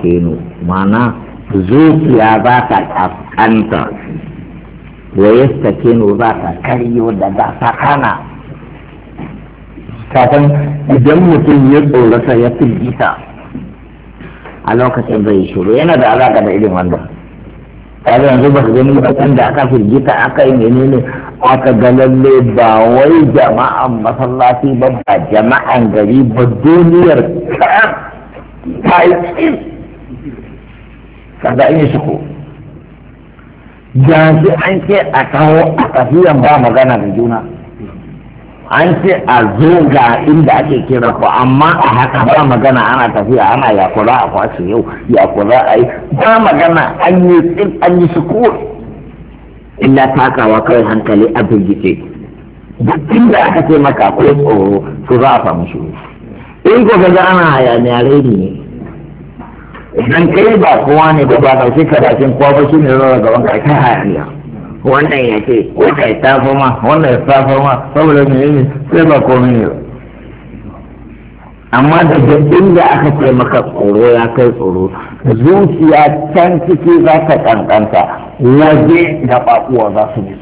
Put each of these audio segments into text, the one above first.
kenu mana zuciya za ta kaskanta wa kenu za ta karyo ta sakana kafin idan mutum ya tsorata ya firgita a lokacin zai shiru yana da alaƙa da irin wanda kaga yanzu ba su gani lokacin da aka firgita aka yi menene aka galalle ba wai jama'an masallaci ba ba jama'an gari ba duniyar kaɗan yi kada in yi suko jansi an ce a kawo a tafiyan ba magana da juna an ce a zo ga inda ake kira ko amma a haka ba magana ana tafiya ana kula a kwashe yau kula a yi ba magana an yi tsin an yi suko illa takawa kawai hankali a birgice duk inda aka ce maka akwai tsoro su za a samu shi in ko ga ana hayaniya ne idan kai ba kowa ne ba ba ɗauki karashin kowa shi ne zama gaban ka kai hayaniya wannan ya ce wannan ya tafi ma wannan ya tafi ma saboda me ne sai ba komi ne ba amma da jaddin da aka ce maka tsoro ya kai tsoro zuciya can ciki za ka kankanta waje da bakuwa za su bi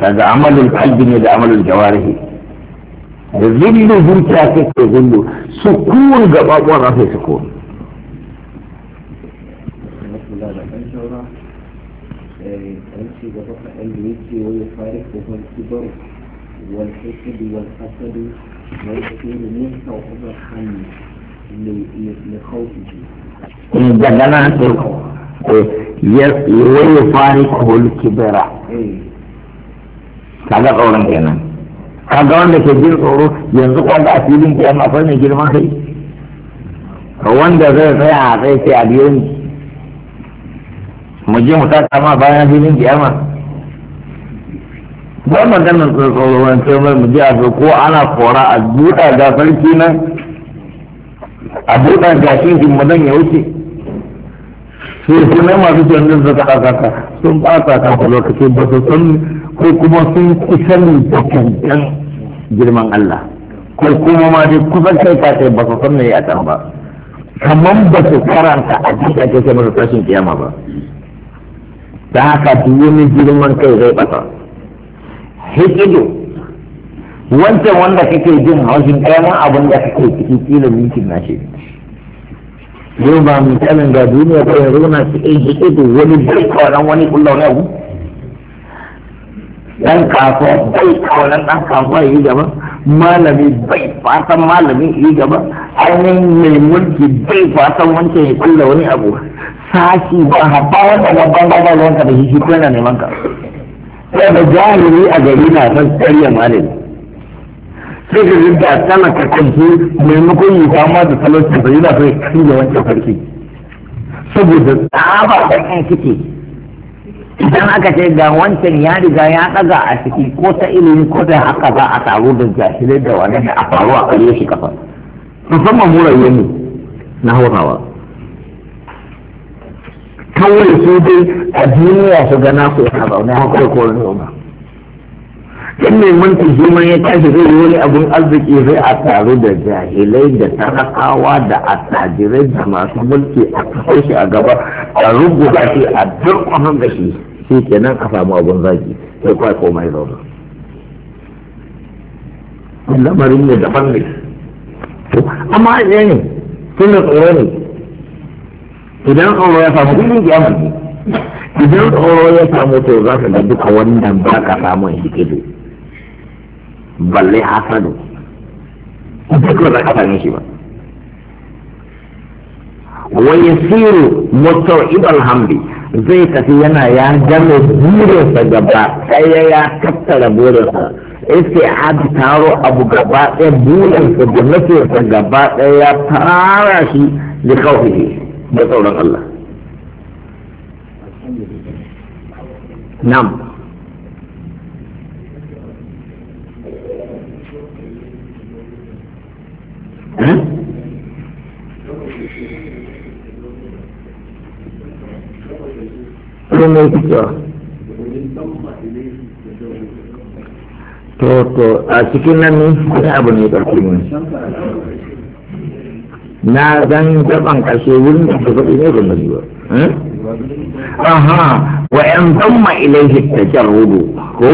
kaga amalin kalbi ne da amalin jawarihi da zillu zuciya kake zillu sukun gaba ƙwarar eh, sai sukun والحسد والحسد والكثير منك وحب الحن لخوفه جنات ويفارقه الكبرى kaga tsoron kenan kaga wanda ke jin tsoro yanzu kwanza a filin ke amma akwai mai girman kai wanda zai tsaya a tsaye sai a biyo mu je mu taka ma bayan filin kiyama ba maganar tsoro wani mai mu je a so ko ana kora a buɗa ga sarki nan a buɗa ga mu dan ya wuce sai su ne masu canjin su ta kaka sun ɓata kanka lokaci ba su san ko kuma sun kusan da kankan girman Allah ko kuma ma dai kusan kai ka sai ba su san ne a can ba kamar ba su karanta a cikin ake sai masu tashin kiyama ba da haka duk wani girman kai zai bata hikido wancan wanda kake jin haushin kayan abin da kake ciki kila mintin na shi yau ba misalin ga duniya ko yanzu na cikin hikido wani duk wani wani kullum na abu ɗan kafa bai kawalan ɗan kasuwa yi gaba malami bai fatan malami yi gaba ainihin mai mulki bai fatan wancan ya kulla wani abu sashi ba haɓa wanda ba gagarwar wanka da shi shi kuna neman ka sai da jahili a gari na san tsariya malami sai ka rinda talaka kansu maimakon yi fama da talauci ba yana so ya kashe wancan farki saboda tsaba da kan kike idan aka ce ga wancan ya riga ya daga a ciki ko ta ilimi ko ta haka za a taru da jahilai da wani a faru a kare shi kafa musamman murayya ne na haurawa kawai su dai a duniya su gana su yana zaune haka ko kowane yau in mai mulki zuma ya tashi zai yi wani abin arziki zai a taru da jahilai da tarakawa da attajirai da masu mulki a kasar shi a gaba a rubuta shi a durkwasan da shi shi kenan a samu abin zaki sai kwai komai zaune lamarin ne daban ne amma iya ne tun da tsoro ne idan tsoro ya samu filin ya mutu idan tsoro ya samu to za ka ga duka wannan ba ka samu shi balle hasadu duk ba za ka same shi ba wa yasiru mutawib alhamdi zai tafi yana ya game burinsa gaba ɗaya ya tattara burinsa iske an taro abu gaba ɗaya burinsa da nufinsa gaba ɗaya ya tara shi da kawai da tsoron Allah. Nam. to to a cikin nan ne wani abu ne ƙarfi ne na zan gaban ƙarshe wurin da ta faɗi ne ga gani ba eh? aha wa yan zamma ilaihi tajarrudu ko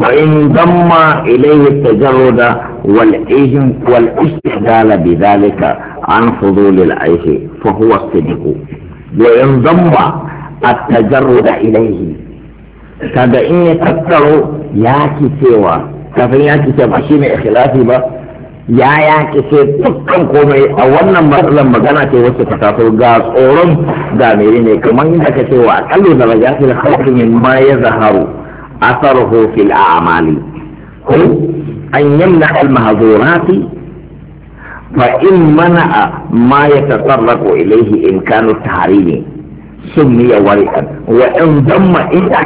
وإن ضم إليه التجرد والإذن والاستحلال بذلك عن فضول العيش فهو الصدق وإن ضم التجرد إليه كذا in ya tattaro ya كذا kafin ya kice ba shi ne ba ya ya ce dukkan komai a wannan matsalar magana ce wasu ta ga tsoron da ne kamar yadda ka ce wa da rajatul khalqi ma zaharu أثره في الأعمال أن يمنح المهذورات فإن منع ما يتطرق إليه إمكان التحريم سمي ورئا وإن ضم إذا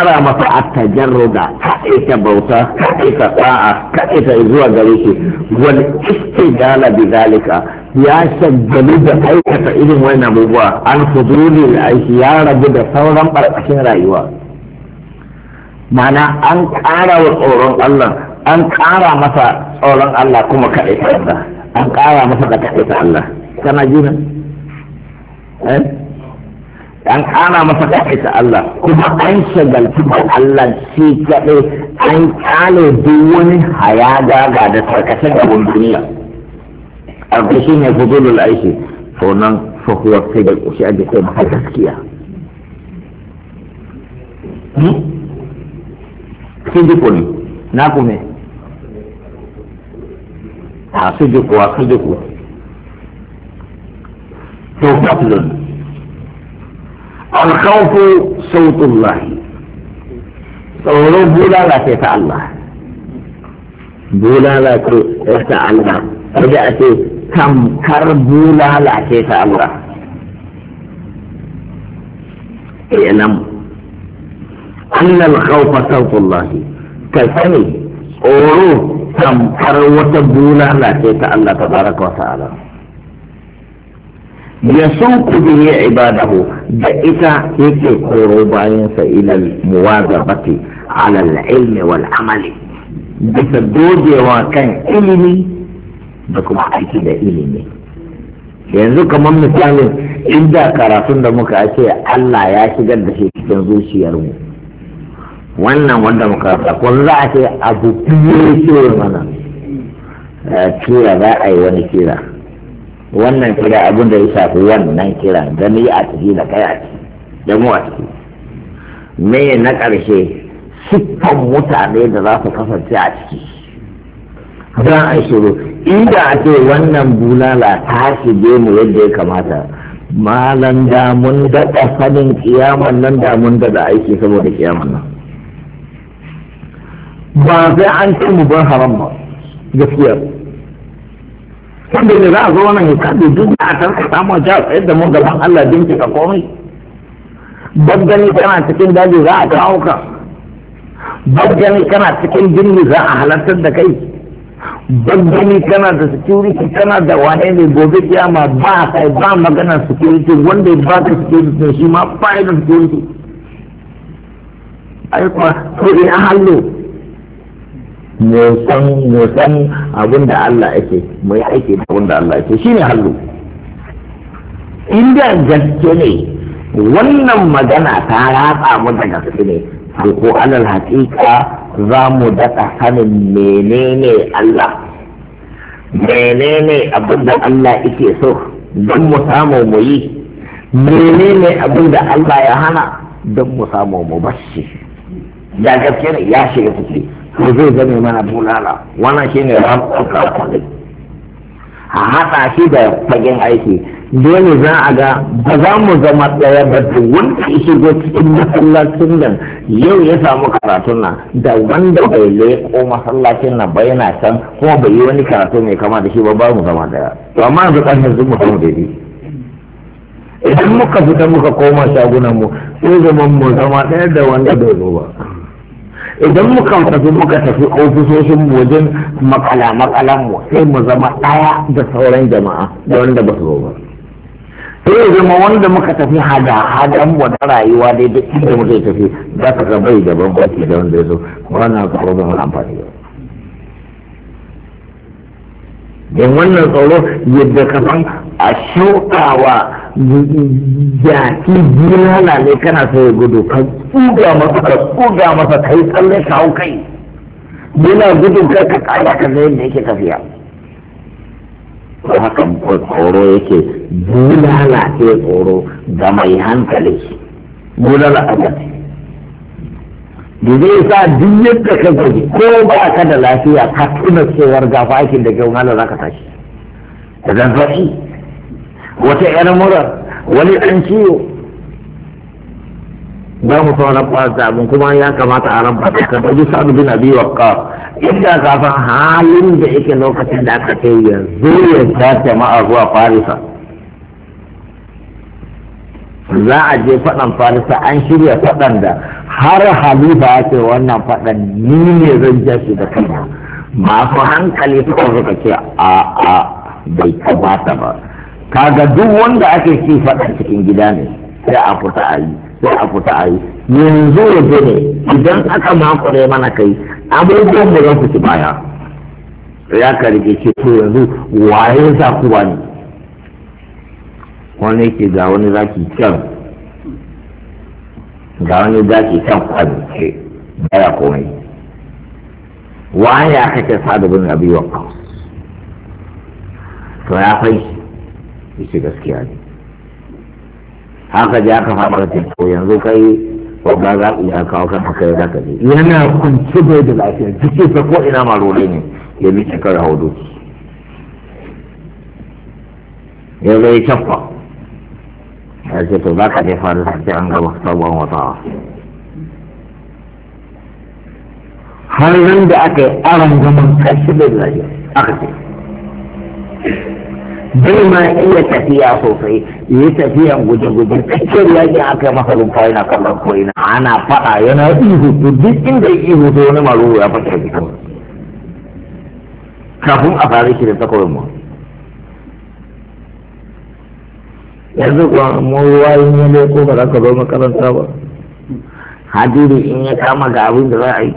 أرى مساء التجرد كأس بوتا كأس طاعة كأس إزوى ذلك والاستدلال بذلك يا سجل da aikata irin wannan عن فضولي fuduli da aiki ya rabu da mana an ƙara wa tsoron Allah an ƙara masa tsoron Allah kuma kaɗai ta Allah an ƙara masa da kaɗai ta Allah kana jina eh? an ƙara masa kaɗai ta Allah kuma an shagalci ba Allah shi kaɗai an ƙale duk wani hayaga ga da tarkacen abin duniya a shi ne fudulul aiki to nan fa huwa sai da ƙushi a jikin gaskiya. sidiku ne na a ku ne a sidiku a sidiku to fatlun alkhawfu sautullahi tsoron bulala ce ta Allah bulala ce ta Allah kada a ce tamkar bulala ce ta Allah ilam أن الخوف خوف الله كالحمي تم حروة بولا لا تيت الله تبارك وتعالى يسوق به عباده بئتا يكي قروبا إلى المواظبة على العلم والعمل بتدوجي وكان علمي بكم أكيد علمي yanzu kamar misalin inda karatun da muka ce Allah ya shigar da shi cikin zuciyarmu wannan wanda muka ko za a ce abu biyu ce mana eh, kira za a yi wani kira wannan kira abin da ya shafi wannan kira da ni a ciki da kai a ciki da mu a ciki me na ƙarshe siffan mutane da za su kasance a ciki zan a shiru inda a ce wannan bulala ta shige mu yadda ya kamata malan da mun daɗa sanin kiyaman nan da mun daɗa aiki saboda kiyaman nan ba sai an ce mu bar haram ba gaskiya wanda ne za a zo nan ya kaɗe duk da a tarka samun ja sai da mu gaban Allah dinki ka komai baggani kana cikin daji za a kawo ka baggani kana cikin dinni za a halartar da kai baggani kana da security kana da wane ne gobe kiyama ba sai ba magana security wanda ya ka security shi ma ba da security ai kuma to in hallo mu san abin da Allah ake mai aiki da abin da Allah ake shine hallu inda gaske ne wannan magana ta ratsa mu da gaske ne to ko alal haƙiƙa za mu daɗa sanin menene Allah menene abin da Allah yake so don mu samu mu yi menene abin da Allah ya hana don mu samu mu bashi ya gaske ne ya shiga ciki to zai zame mana bulala wannan shine ramfuka kwalai a haɗa shi da fagen aiki dole za a ga ba za mu zama ɗaya ba da wanda ya shigo cikin masallacin nan yau ya samu karatun nan da wanda bai leƙo masallacin nan ba yana can kuma bai yi wani karatu mai kama da shi ba ba mu zama ɗaya to amma yanzu ƙarfin zuwa mu daidai idan muka fita muka koma shagunan mu sai zaman mu zama ɗaya da wanda bai zo ba idan muka tafi muka tafi ofisoshin mu wajen makala makalan mu sai mu zama ɗaya da sauran jama'a da wanda ba su zo ba sai ya zama wanda muka tafi hada hadan mu na rayuwa dai duk inda muka tafi za ka ga bai da bambanci da wanda ya zo na ka ba amfani da in wannan tsoro yadda ka san a shauƙawa jaki jinala ne kana so ya gudu ka tsuga masa ka tsuga masa kai tsalle ka hau kai yana gudu ka ka kaya ka zai yadda yake tafiya haka tsoro yake jinala ce tsoro ga mai hankali jinala a da zai sa duk yadda ka gwaji ko ba ka da lafiya ka tuna cewar gafa aikin da kyau za zaka tashi da zan zafi wata yar mura wani ɗan ciwo ba mu fara kwasa abin kuma ya kamata a ran fata ka ɗauki sa'adu bin abi ka inda ka san halin da yake lokacin da aka kai yanzu ya ta jama'a zuwa farisa za a je faɗan farisa an shirya faɗan da har halifa ya ce wannan faɗan ni ne zan ja shi da kaina masu hankali suka suka ce a a bai kamata ba kaga duk wanda ake ci faɗan cikin gida ne sai a fita a yi sai a fita a yi yanzu je ne idan aka mako ne mana kai abubuwan da zan ci baya ya ka rike ce to yanzu waye za ku wani wani ke ga wani zaki kyau ga wani zaki kan kwance baya komai waye aka ce sa'adu bin abi waqqas to ya fai shi gaskiya ne haka ji aka faɗa da to yanzu kai wanda za ku ya kawo kan haka da ka je yana kwance bai da lafiya jike ta ko ina marole ne ya miƙe kar haudu ya zai ya ce to za ka faru sai an gaba sabon wata har nan da aka yi aron gaman kashi da zaje aka ce bai ma iya tafiya sosai yi tafiyan guje-guje tsakiyar yaƙi aka yi masa rumfa yana kallon ko ina ana faɗa yana ihu to duk inda ya ihu to wani maruru ya fasa jikin kafin a fara shi da takwarin mu yanzu kuwa mu ruwa in ya ko ba za ka zo makaranta ba hadiri in ya kama ga abin da za a yi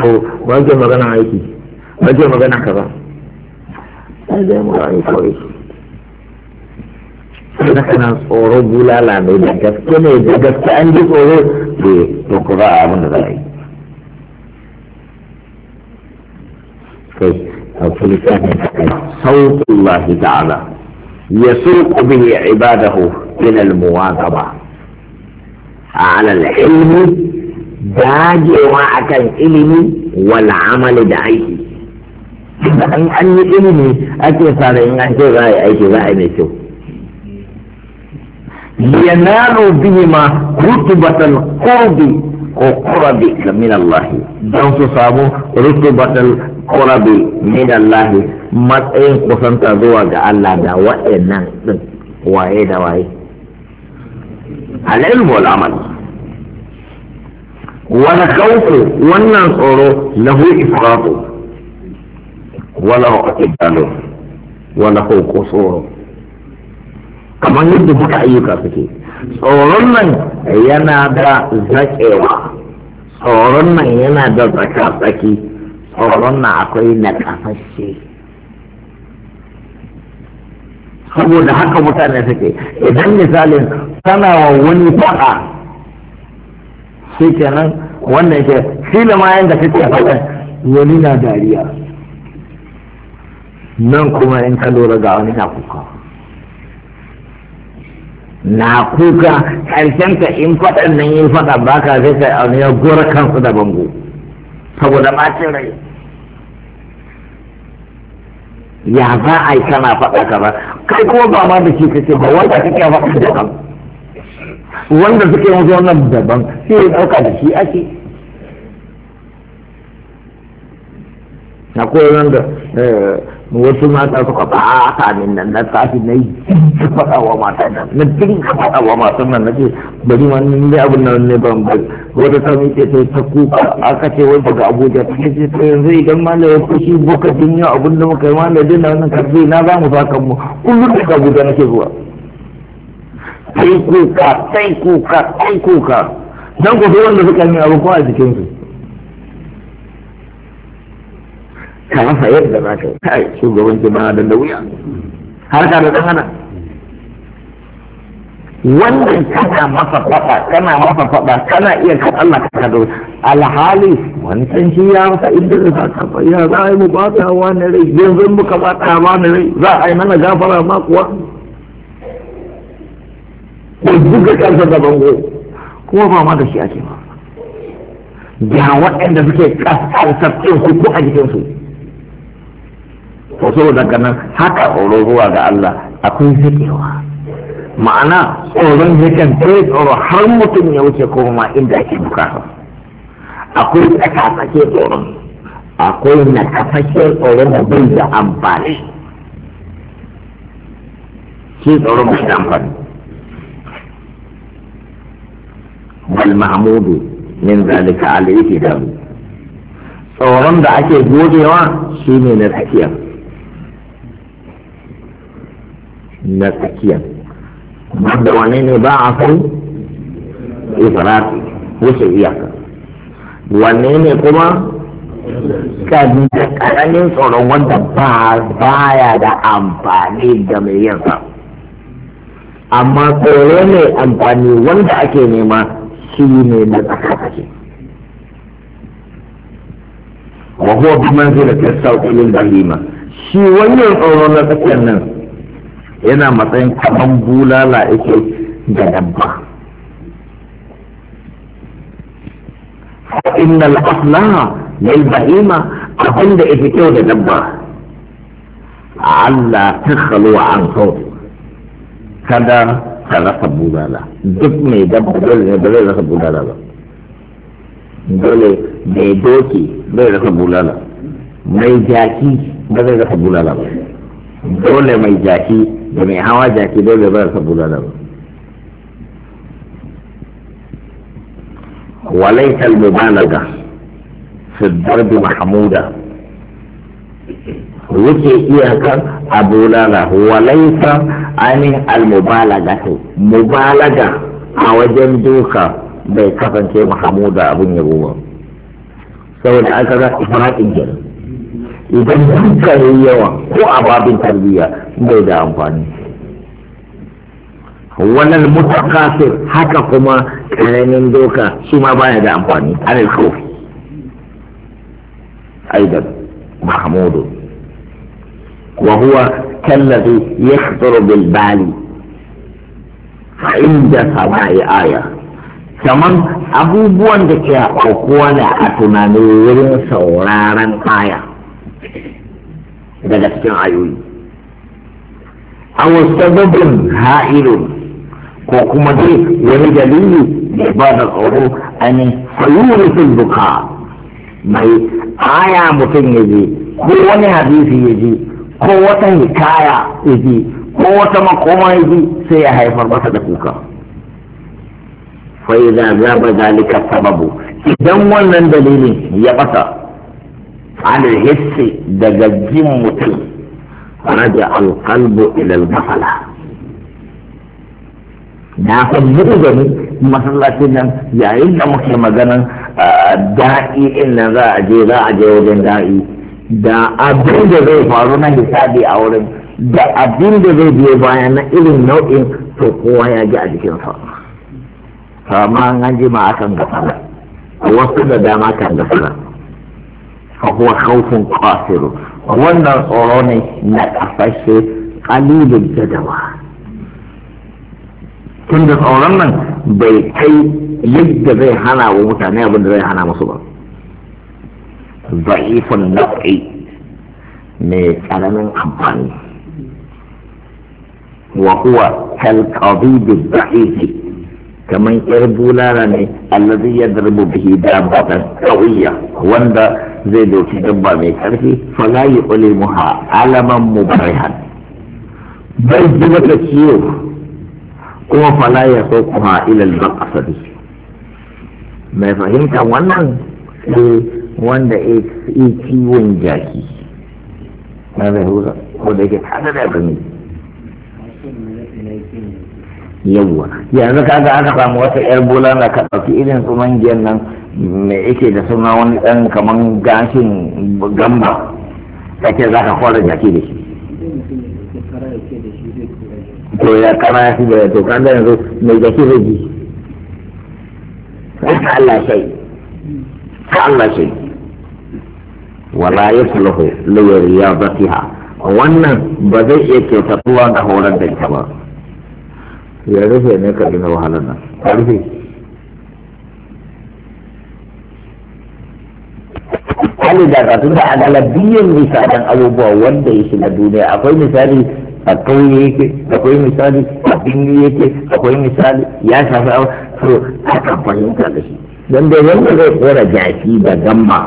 to ba ke magana aiki ba ke magana kaza sai dai mu rayu kawai na kana tsoro bulala ne da gaske ne da gaske an ji tsoro to ku za a abin da za a yi صوت الله تعالى يسوق به عباده من المواظبة على العلم داج مع العلم والعمل دعي إن أن علمي أكي إن أنت غاية أكي غاية ينالوا بهما رتبة القرب وقرب من الله دعوة صابو رتبة qurbi min Allah matsayin kusanta zuwa ga Allah da wa'annan din waye da waye al-ilmu wal amal Wala khawf wannan tsoro lahu ifratu wala aqdalu wala qusuru kamar yadda duka ayyuka suke tsoron nan yana da zakewa tsoron nan yana da tsaka tsaki tsoron na akwai na kafashe saboda haka mutane suke idan misalin tana wa wani faɗa shi kenan wannan ke fila ma yadda kake faɗa wani na dariya nan kuma in ka lura ga wani na kuka na kuka karshen ka in faɗan nan yi faɗa ka zai kai a wani ya gora kansu da bango saboda ɓacin rai ya za a yi kana faɗa ka ba kai kuma ba ma da shi kake ba wanda kake faɗa da kan wanda suke musu wannan daban sai ya ɗauka da shi ake na akwai wanda eh, wasu mata suka ta min nan na tafi na yi faɗa wa mata nan na dinga faɗa wa mata nan na ce bari wani ne abin nan ne ban bai wata ta miƙe ta ta kuka aka ce wai daga abuja ta ce ta yanzu idan ma malam ya fushi boka yau abin da muka yi ma na dina wannan karfe na za mu fakan mu kullum daga abuja nake zuwa sai kuka sai kuka sai kuka dan ku wanda suka yi abu ko a jikinsu ka rasa yadda za ka yi kai shugaban jama'a da da wuya har ka da hana. wannan kana masa faɗa kana masa faɗa kana iya kan Allah ka kado alhali wancan shi ya masa inda da saka fa ya za a yi mu bata wa ne rai yanzu muka bata wa ne rai za a yi mana gafara ma kuwa ko duka kansa da bango kuma ba ma da shi ake ba ga waɗanda suke kasar sabbin su a jikinsu ko saboda nan haka tsoro zuwa ga Allah akwai zakewa ma'ana tsoron yakan kai tsoro har mutum ya wuce ko ma inda ake bukata akwai tsakatsake tsoron akwai na nakafashe tsoron da bai da amfani shi tsoron bai da amfani bal mahmudu min zalika alayhi da tsoron da ake godewa shine na tsakiyar na tsakiya da wane ne ba a kan ifirati wuce iyaka wane ne kuma karamin tsoron wanda ba baya da amfani da mai yansa amma tsoro ne amfani wanda ake nema shi ne na tsakasake wa huwa bi manzilatil sauqil bahima shi wannan tsoro na tsakiyar nan yana matsayin kaman bulala yake da dabba innal asla lil bahima abinda yake kyau da dabba Allah ta khalwa an kawai kada ka rasa bulala duk mai dabba dole ne ba zai rasa bulala ba dole mai doki zai rasa bulala mai jaki ba zai rasa bulala ba dole mai jaki da mai hawa jaki dole ba sa bulala ba وليس المبالغة في الضرب محمودة wuce iyakar abulala walaita ainihin almubalaga ce mubalaga a wajen duka bai kasance mahamuda abin yabo ba saboda aka ga ifraɗin kenan idan duka ya yi yawa ko a babin tarbiyya bai da amfani wannan mutakasir haka kuma karamin doka shi ma baya da amfani anil kofi aidan mahmudu wa huwa kallazi yakhturu bil bali fa inda sama'i aya kaman abubuwan da ke aukuwa da a tunanin wurin sauraron aya daga cikin ayoyi a sababin ha'ilun ko kuma dai wani dalili da ba da tsoro ne fayuri sun buka mai aya mutum ya je ko wani hadisi ya je ko wata hikaya ya je ko wata makoma ya je sai ya haifar masa da kuka fa'iza zaba zalika sababu idan wannan dalilin ya bata anil hissi daga jin mutum raja alqalbu ila al na san mutu gani masallacin nan yayin da muke maganan ah, da'i in nan za a je za a je wajen da'i da abin da zai faru na hisabi a wurin da abin da zai biyo bayan na irin nau'in to kowa ya ji a jikin jikinsa amma an ji ma akan gasa. wasu da dama kan gasa. فهو خوف قاصر وانا اراني نتعفشي قليل الجدوى كنت اراني بيكي يجد ريحانا ومتعني ابن ريحانا مصبا ضعيف النقعي ميكالن قباني وهو كالقضيب الضعيفي kamar yar bulala ne allazi yadrubu bihi ta kauya wanda zai doki dabba mai karfi fala yuqlimuha alaman mubarihan bai ji mata ciwo kuma fala ya saukuha ila al-baqasati mai fahimta wannan sai wanda ya ciwon jaki na zai hura ko da yake da abin yawwa yanzu kaga aka samu wata yar bola na ka ɗauki irin su mangiyan nan mai yake da suna wani ɗan kaman gashin gamba kake za ka kwara jaki da shi to ya kara ya da to kaga yanzu mai jaki zai ji ka Allah shai ka Allah shai wala yasluhu li riyadatiha wannan ba zai iya kyautatuwa ga horar da ita ba ya rufe ne ka dina wahalar nan ka rufe hali da katun da agalabiyyar misalan abubuwa wanda ya shiga duniya akwai misali a kauye yake akwai misali a bindi yake akwai misali ya shafi a to aka fahimta da shi don da wanda zai kora jaki da gamma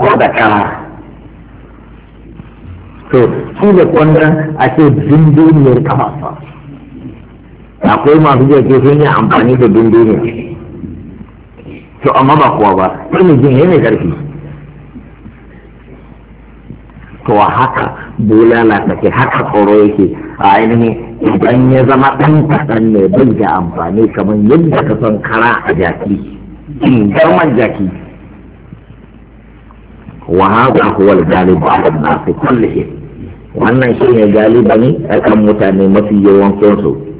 ko da kara to shi da kwanda a ce dindiniyar kamasa akwai masu jirage sun yi amfani da dunduniya to amma ba kowa ba ilmin jin yana karfi to haka bulala take haka tsoro yake a ainihin idan ya zama ɗan kaɗan ne bai da amfani kamar yadda ka son kara a jaki garman jaki wa haka huwa galibu ala nasi kullihi wannan shine galiba ne akan mutane mafi yawan su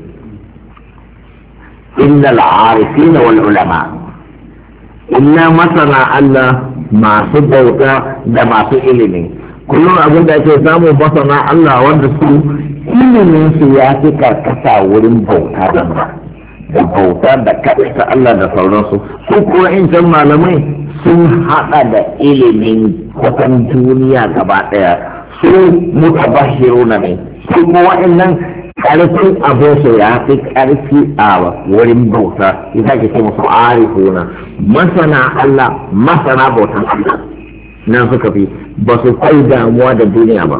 innal arifina wal ulama inna masana Allah masu bauta da masu ilimi kullum abin da ake samun masana Allah wanda su iliminsu ya fi karkasa wurin bauta da ba da bauta da kaɗaita Allah da sauransu su kuwa in can malamai sun haɗa da ilimin kusan duniya gaba ɗaya su mutabahiruna ne su kuma wa'annan ƙarfin su ya fi ƙarfi a wurin bauta ita ke ce musu kuna masana Allah masana bautan Allah na suka fi ba su kai damuwa da duniya ba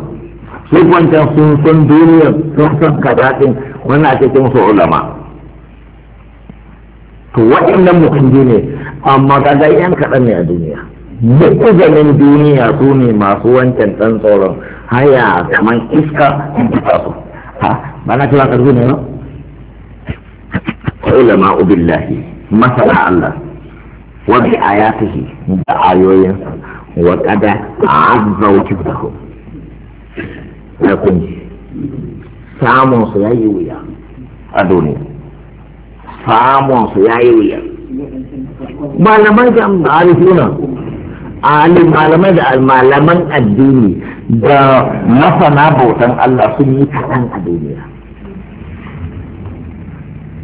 su kwanta sun san duniya sun san kazaɗin wani ake ce musu ulama to waɗannan mutum ne amma kaga yan kaɗan ne a duniya mutuzanin duniya su ne masu wancan ɗan tsoron haya kamar iska in ta su ba na kira ƙarfi ne ba wa ilama ubillahi masana Allah wa bi ayatihi da ayoyin wa kada azza wa kibdahu na kunji samun su yayi wuya a duniya samun su yayi wuya malaman da alim malamai da malaman addini da masana bautan Allah sun yi kaɗan a duniya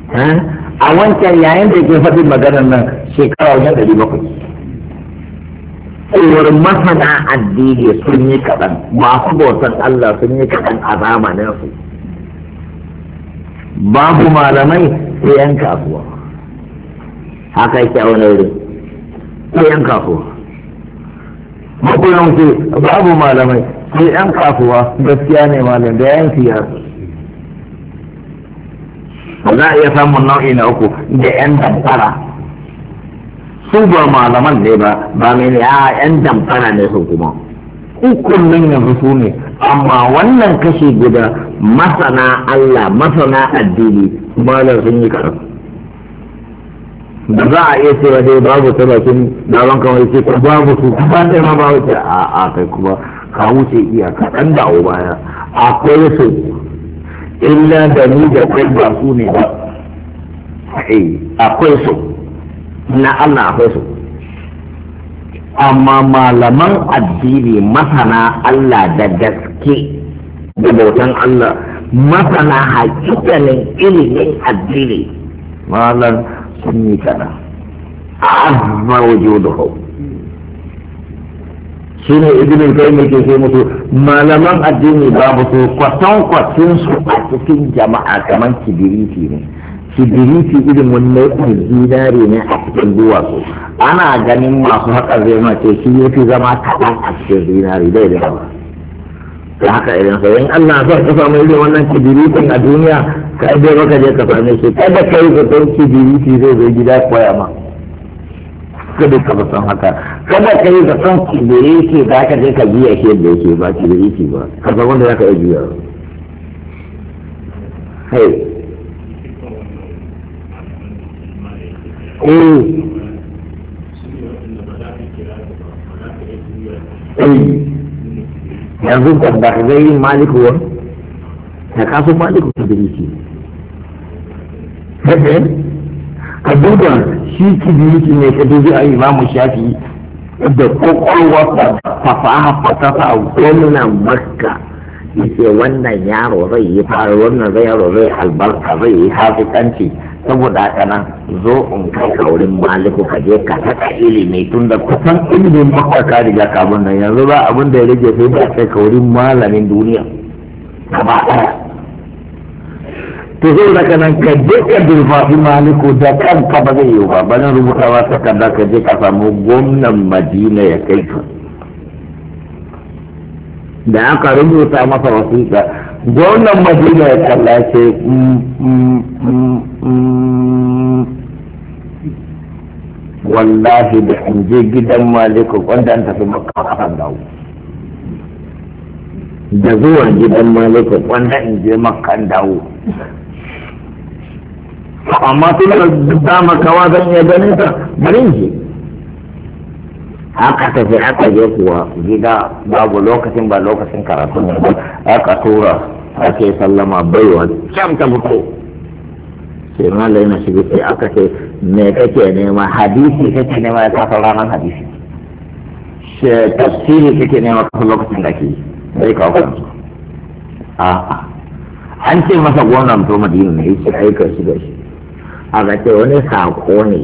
Eh? a wancan yayin da ke faɗin maganar nan shekara wajen ɗari bakwai tsayuwar masana addini sun yi kaɗan masu bautan Allah sun yi kaɗan a zamanin su babu malamai sai yan kasuwa haka yake a wani wuri sai yan kasuwa makuyan babu malamai sai yan kasuwa gaskiya ne malamai da yan siyasa za a iya samun nau'i na uku da yan damfara su ba malaman ne ba ba mai ne a yan damfara ne su kuma ukun nan yanzu su ne amma wannan kashi guda masana Allah masana addini malar sun yi karatu da za a iya cewa dai babu ta bakin daban kamar ce ko babu su ba ɗaya ma babu ce a a kai kuma ka wuce iyaka ɗan dawo baya akwai su illa da ni da kai ba su ne ba eh, akwai su na Allah akwai su amma malaman addini masana Allah da gaske da bautan Allah masana hakikanin ilimin addini malar sun yi kada azza wujuduhu shine ibn kai ne ke mutu. malaman addini babu su kwaton-kwaton su a cikin jama'a kamar kibiriti ne kibiriti irin wani nau'in zinare ne a cikin duwatsu ana ganin masu haka zai ce shi fi zama kaɗan a cikin zinare dai da ba da haka irin sa in Allah zai ka samu irin wannan kibiritin a duniya ka dai baka je ka same shi kada kai zaton kibiriti zai zo gida koya ma kada ka san haka kada ka yi zaton da ke da ka je ka biya ke da yake ba kibiri ke ba ka san wanda za ka biya hey eh, eh. yanzu ka ba ka zai maliku wa ka kasu maliku kibiri ki ka shi kibiriti ne ka dubi a imamu shafi da kwakwalwa a fasaha maka ya yace wannan yaro zai yi fara wannan zai yaro zai albarka zai yi hafikanci saboda haka nan zo in kai kaurin maliku ka je ka saka ilimi tun da kusan ilimin maka ka riga ka nan yanzu ba abin da ya rage sai ba kai ka malamin duniya ba ɗaya to zai daga nan ka je ka durfafi maliku da kanka ba zai yi ba bayan rubutawa kanda ka je ka samu gwamnan madina ya kai ka da aka rubuta masa wasiƙa gwamnan madina ya kalla ce mm, mm, mm, wallahi da in je gidan maliku wanda an tafi maka a kan dawo da zuwa gidan maliku wanda in je makka dawo amma tun da dama kawa zan iya ganin ta bari ji haka tafi haka je kuwa gida babu lokacin ba lokacin karatu ne ba aka tura ake sallama baiwa can ta fito sai na na shi sai aka ce me kake nema hadisi kake nema ya kasa ranar hadisi tafsiri kake nema kafa lokacin da ke sai kawo kansu a'a an ce masa gwamnan to madina ne shi aika shi da shi a ga ce wani sako ne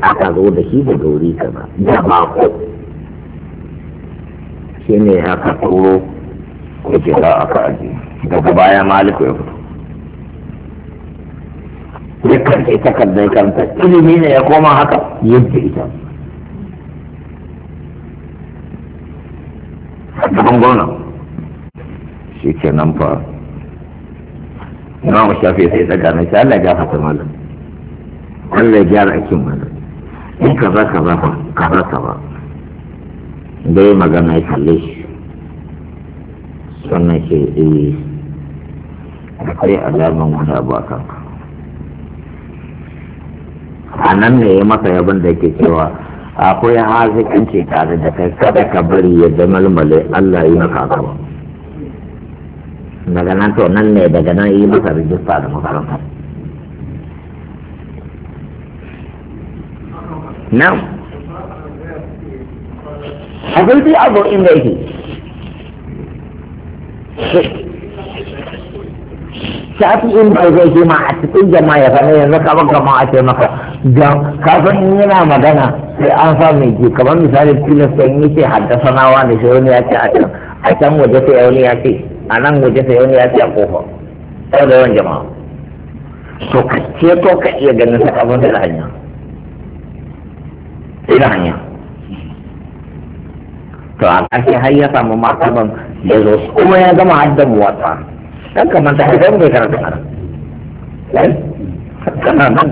aka zo da shi da gauri ba da bako shi ne aka turo ko ke za ka aji daga baya maliku ya fito ya karfe takardar kanta ilimi ne ya koma haka yadda ita gaban gona. shi ke nan fa na shafi sai tsakanin na shi Allah ya gafata malam Allah ya gyara aikin mana in kaza kaza fa kaza kaza da ya magana ya kalle shi sannan ke eh akwai alaman wani abu a kanka a nan ne ya masa yabin da ke cewa akwai ce tare da kai kada ka bari ya damalmale Allah yi maka ba daga nan to nan ne daga nan yi masa rijista da makaranta na'am akwai bi abu inda yake shafi'in bai zai ce ma a cikin jama'a ya faɗa yanzu ka baka ma a ce maka ga kafin yana magana sai an sa mai ji kamar misali tilasta in ce haddasa nawa da shi wani ya ce a can a can waje sai wani ya ce a nan waje sai wani ya ce a kofa sau da yawan jama'a to ka ce to ka iya ganin sakabon da hanya ina hanya to a ƙarshe har ya samu martaban da zo kuma ya gama haddan wata dan kamar ta haddan bai karatu a kana nan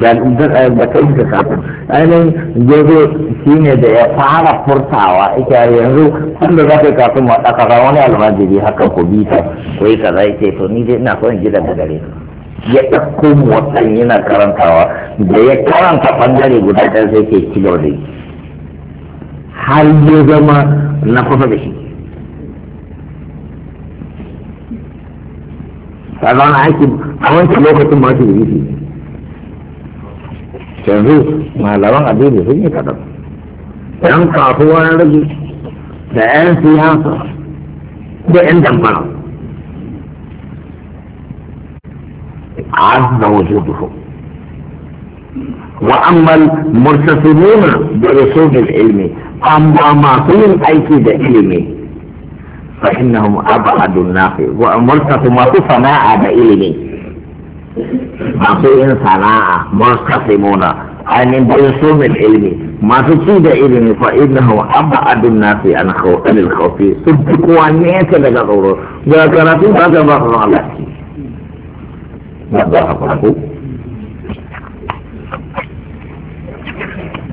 da da kai da kafin ainihin gozo shi ne da ya fara furtawa ita yanzu wanda za ka yi kafin wata kaza wani almajiri haka ko bita ko yi kaza ya ce to ni dai ina so in ji da gare ka ya ɗauko motsan yana karantawa da ya karanta ɓangare guda ɗaya sai ke ci gaba da yi har ya zama na kusa da shi a wani aiki a wancan lokacin ba su yi shi yanzu malaman abin da sun yi kaɗan ɗan kasuwa ya rage da 'yan siyasa da 'yan damfara عز وجوده واما المرتسمون برسول العلم اما معطين ايتي بعلم فانهم ابعد الناس ومرتف معطي صناعة بعلم معطين صناعة مرتسمون عن برسول العلم ما تشيد إلني فإنه أبعد الناس عن الخوف صدقوا أن يتلقى الغرور ذكرت بعد الله Nggak berapa aku.